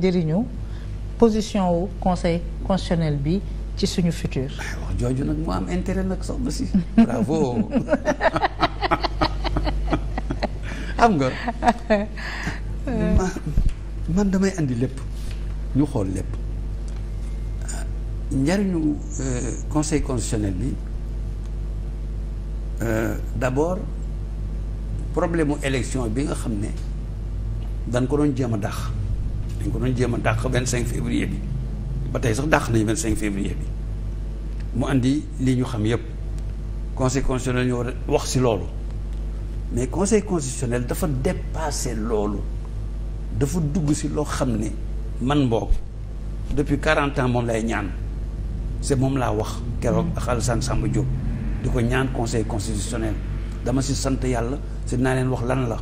njëriñu position wu conseil constitutionnel bi ci suñu futur. Ah, wax jooju nag mu am intéret nag soxna si bravo xam nga. Euh. man damay indi lépp ñu xool lépp njëriñu euh, conseil constitutionnel bi euh, d'abord problème mu élection bi nga xam ne dañ ko doon jëm a dax dañ ko doon jéem a dàq vingt cinq février bi ba tey sax dàq nañ vingt cinq février bi mu indi lii ñu xam yépp conseil constitutionnel ñu wax si loolu mais conseil constitutionnel dafa dépassé loolu dafa dugg si loo xam ne man mboog depuis quarante ans moom lay ñaan c'est moom laa wax keroog ak Alassane Samba Diop di ko ñaan conseil constitutionnel dama si sant yàlla si naa leen wax lan la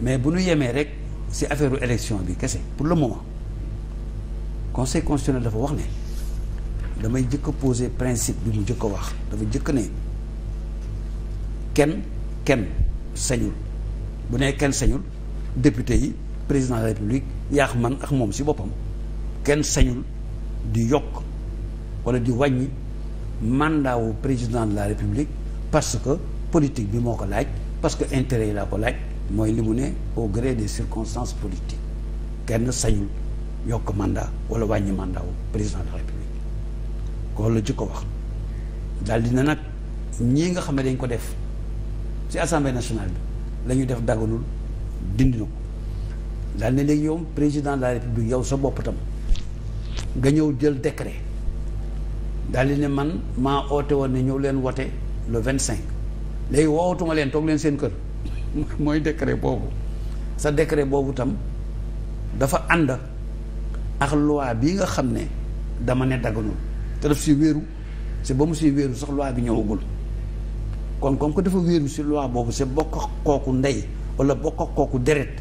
mais bu ñu yemee rek si affaire u élection bi kese pour le moment conseil constitutionnel dafa wax ne damay jëkk a poser principe bi mu jëkk wax dafa jëkk ne kenn kenn sañul bu nee kenn sañul député yi président de la république yaax man ak moom si boppam kenn sañul di yokk wala di wàññi mandat wu président de la république parce que politique bi moo ko laaj parce que intérêt yi laa ko laaj mooy li mu ne au gré des circonstances politiques kenn sañul yokk mandat wala wàññi mandat wu président de la république loolu ci ko wax daal di ne nag ñi nga xam ne dañ ko def ci assemblée nationale bi la def daganul dindi ko daal ne léegi yow président de la république yow sa bopp tam nga ñëw jël décret daal di ne man maa oote woon ne ñëw leen wote le vingt cinq léegi woowatuma leen toog leen seen kër mooy décret boobu sa décret boobu tam dafa ànd ak loi bi nga xam ne dama ne daganul te si wéeru c'est ba mu si wéeru sax loi bi ñëwagul kon comme que dafa wéeru si loi boobu c'est bokk kooku ndey wala bokk kooku deret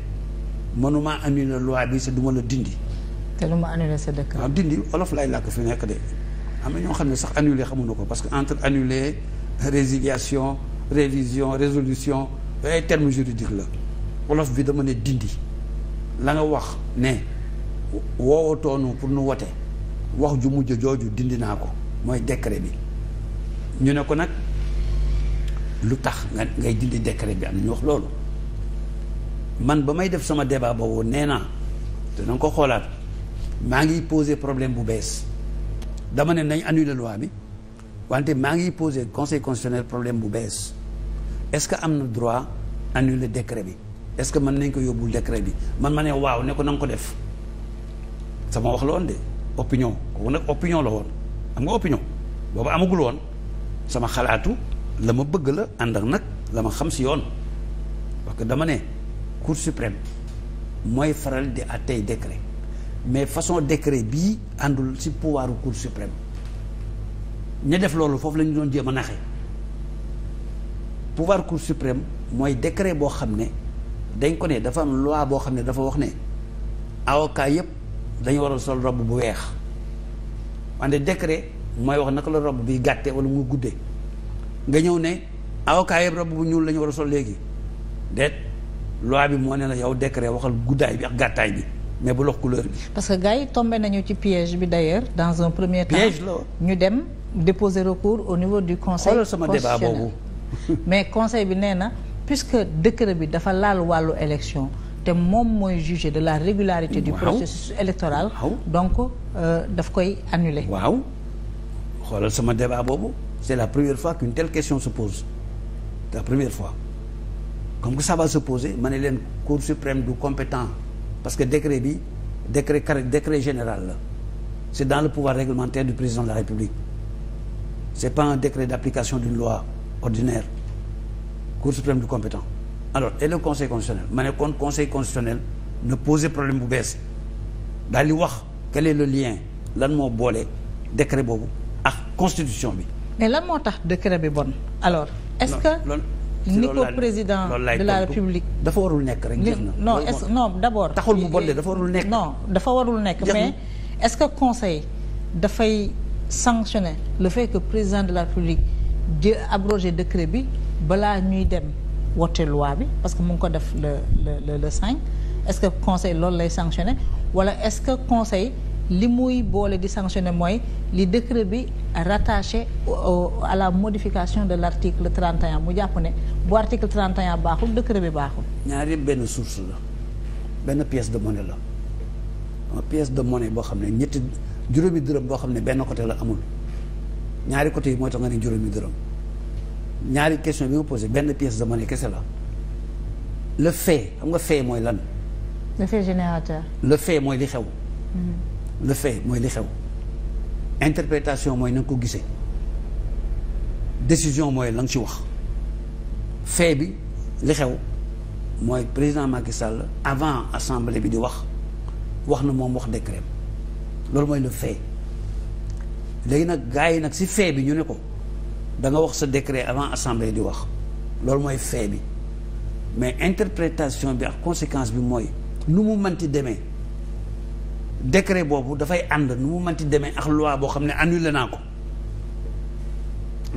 mënuma annuler loi bi sa duma la dindi. te lu ma annuler sa décret. waaw ah, dindi olof lay làkk fi nekk de am na ñoo xam ne sax annuler xamuñu ko parce que entre annuler résiliation révision résolution. ay eh, terme juridique la wolof bi dama ne dindi la nga wax ne woowatoonu pour nu wote wax ju mujj jooju dindi naa ko mooy décret bi ñu ne ko nag lu tax nga ngay dindi décret bi am ñu wax loolu man ba may def sama débat boobu nee naa te danga ko xoolaat maa ngi poser problème bu bees dama ne nañ annuler loi bi wante maa ngi poser conseil constitutionnel problème bu bees est-ce que am na droit annuler décret bi est-ce que mën nañ ko yóbbul décret bi man ma ne waaw ne ko na ko def sama wax la woon de opinion kooku nag opinion la woon am nga opinion boobu amagul woon sama xalaatu la ma bëgg la ànd ak nag la ma xam si yoon parce que dama ne cour suprême mooy faral di àttey décret mais façon décret bii àndul si pouvoiru cour suprême ña def loolu foofu la ñu doon jéem a naxe pouvoir cour suprême mooy décret boo xam ne dañ ko ne dafa am loi boo xam ne dafa wax ne avocat yëpp dañu waral sol robb bu weex wante décret mooy wax naka la robb bi gàtte wala mu guddee nga ñëw ne avocat yëpp robb bu ñuul la ñu war a sol léegi déet loi bi moo ne na yow décret waxal guddaay bi ak gàttaay bi mais bu lox couleur bi. parce que gars yi tombé nañu ci piège bi d'ailleurs dans un premier temps. la ñu dem déposer recours au niveau du conseil. xoolal sama débat boobu. mais conseil bi nee na puisque décret bi dafa laal wàllu élection te moom mooy juger de la régularité du processus électoral donc euh, daf koy annuler waaw xoolal sama débat boobu c'est la première fois qu'une telle question se pose la première fois comme que ça va se poser ma ne leen cour suprême du compétent parce que décret bi décret carré décret général la c'est dans le pouvoir réglementaire du président de la République c'est pas un décret d'application d'une loi ordinaire cour suprême du compétent alors et le conseil constitutionnel ma ne kon conseil constitutionnel ne poser problème bu bees daal di wax quel le lien lan moo boole décret boobu ak constitution bi. mais lan moo tax décret bi bon alors. est-ce que ni ko président de la république. dafa warul nekk rek jeex na. non est-ce taxul mu bon de dafa warul nekk. non dafa warul nekk mais est-ce que conseil dafay sanctionner le fait que président de la république. jë abroger décret bi balaa ñuy dem wote loi bi parce que mu ngi ko def le le le cinq est que conseil loolu lay sanctionner wala est-ce que conseil li muy boole di sanctionner mooy li décret bi rattaché à la modification de l'article 31 mu jàpp ne bu article 31 baaxul décret bi baaxul. ñaari benn source la benn pièce de monnaie la pièce de monnaie boo xam ne ñetti juróomi dërëm boo xam ne benn côté la amul. ñaari côté yi mooy tax nga ne juróomi dërëm ñaari question bi nga posé benn pièce de monnaie kese la le fait xam nga fait mooy lan. le fait le fait mooy li xew. Mm-hmm. le fait mooy li xew. interprétation mooy na ko gisee décision mooy la nga ci wax fait bi li xew mooy président Macky Sall avant assemblée bi di wax wax na moom wax décret loolu mooy le fait. léegi nag gars yi nag si fee bi ñu ne ko da nga wax sa décret avant assemblée di wax loolu mooy fee bi mais interprétation bi ak conséquence bi mooy nu mu manti demee décret boobu dafay ànd nu mu manti demee ak loi boo xam ne annulé naa ko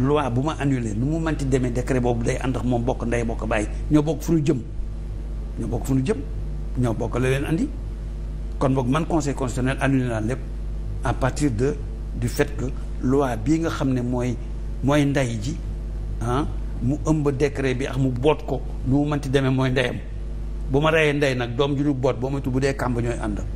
loi bu ma annulé nu mu manti demee décret boobu day ànd ak moom bokk ndey bokk bàyyi ñoo bokk fu ñu jëm ñoo bokk fu ñu jëm ñoo bokk la leen andi kon boog man conseil constitutionnel annulé naa lépp à partir de du fait que loi bii nga xam ne mooy mooy ndey ji ah mu ëmb décret bi ak mu boot ko lu mu mënti demee mooy ndeyam bu ma reyee ndey nag doom ju ñu boot boo moytu bu dee kàmb ñooy ànd